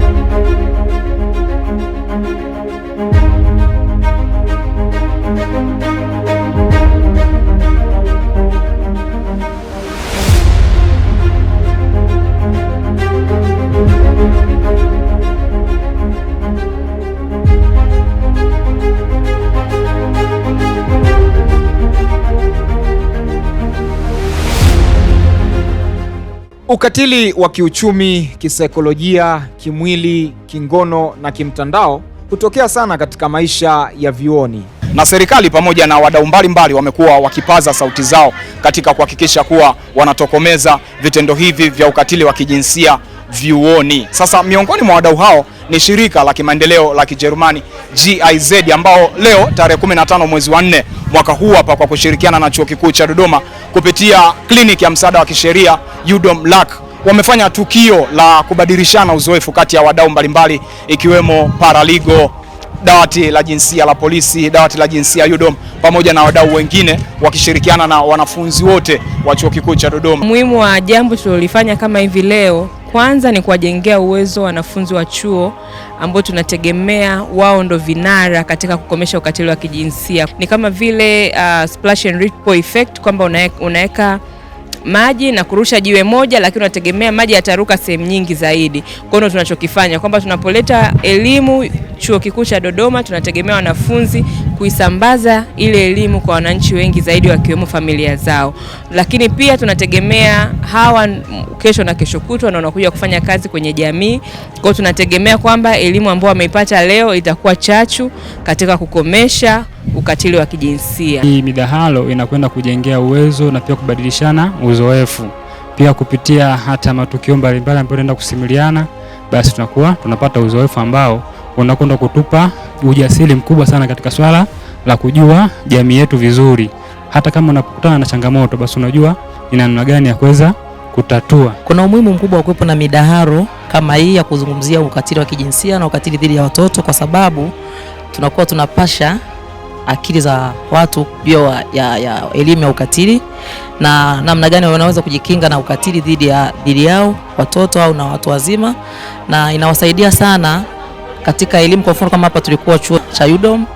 thank you Ukatili wa kiuchumi, kisaikolojia, kimwili, kingono na kimtandao hutokea sana katika maisha ya vyuoni, na serikali pamoja na wadau mbalimbali wamekuwa wakipaza sauti zao katika kuhakikisha kuwa wanatokomeza vitendo hivi vya ukatili wa kijinsia vyuoni. Sasa miongoni mwa wadau hao ni shirika la kimaendeleo la Kijerumani GIZ ambao leo tarehe 15 mwezi wa 4 mwaka huu hapa kwa kushirikiana na chuo kikuu cha Dodoma kupitia kliniki ya msaada wa kisheria Udom Lack wamefanya tukio la kubadilishana uzoefu kati ya wadau mbalimbali ikiwemo paraligo dawati la jinsia la polisi, dawati la jinsia Udom, pamoja na wadau wengine wakishirikiana na wanafunzi wote wa chuo kikuu cha Dodoma. Muhimu wa jambo tulilofanya kama hivi leo kwanza ni kuwajengea uwezo wanafunzi wa chuo ambao tunategemea wao ndo vinara katika kukomesha ukatili wa kijinsia. Ni kama vile uh, splash and ripple effect kwamba unaweka maji na kurusha jiwe moja, lakini unategemea maji yataruka sehemu nyingi zaidi. Kwa hiyo tunachokifanya kwamba tunapoleta elimu Chuo Kikuu cha Dodoma, tunategemea wanafunzi kuisambaza ile elimu kwa wananchi wengi zaidi, wakiwemo familia zao, lakini pia tunategemea hawa kesho na kesho kutwa na wanakuja kufanya kazi kwenye jamii. Kwa hiyo tunategemea kwamba elimu ambayo wameipata leo itakuwa chachu katika kukomesha ukatili wa kijinsia. Hii midahalo inakwenda kujengea uwezo na pia kubadilishana uzoefu, pia kupitia hata matukio mbalimbali ambayo tunaenda kusimuliana, basi tunakuwa tunapata uzoefu ambao unakwenda kutupa ujasiri mkubwa sana katika swala la kujua jamii yetu vizuri. Hata kama unakutana na changamoto, basi unajua ni namna gani ya kuweza kutatua. Kuna umuhimu mkubwa wa kuwepo na midaharo kama hii ya kuzungumzia ukatili wa kijinsia na ukatili dhidi ya watoto, kwa sababu tunakuwa tunapasha akili za watu juu ya, ya elimu ya ukatili na namna gani wanaweza kujikinga na ukatili dhidi ya, dhidi yao watoto au na watu wazima, na inawasaidia sana katika elimu. Kwa mfano kama hapa tulikuwa chuo cha UDOM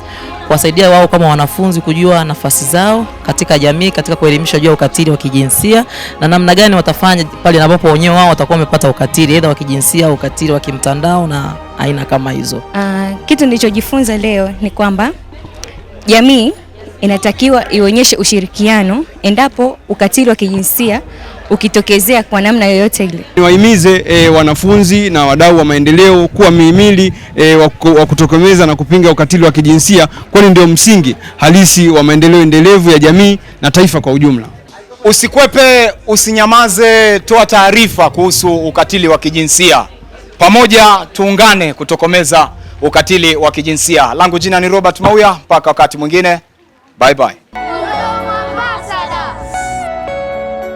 kuwasaidia wao kama wanafunzi kujua nafasi zao katika jamii, katika kuelimisha juu ya ukatili wa kijinsia na namna gani watafanya pale ambapo wenyewe wao watakuwa wamepata ukatili aidha wa kijinsia au ukatili wa kimtandao na aina kama hizo. Uh, kitu nilichojifunza leo ni kwamba jamii inatakiwa ionyeshe ushirikiano endapo ukatili wa kijinsia ukitokezea kwa namna yoyote ile. Niwahimize e, wanafunzi na wadau wa maendeleo kuwa mihimili e, wa kutokomeza na kupinga ukatili wa kijinsia kwani ndio msingi halisi wa maendeleo endelevu ya jamii na taifa kwa ujumla. Usikwepe, usinyamaze, toa taarifa kuhusu ukatili wa kijinsia. Pamoja tuungane kutokomeza ukatili wa kijinsia. Langu jina ni Robert Mauya, mpaka wakati mwingine, bye bye.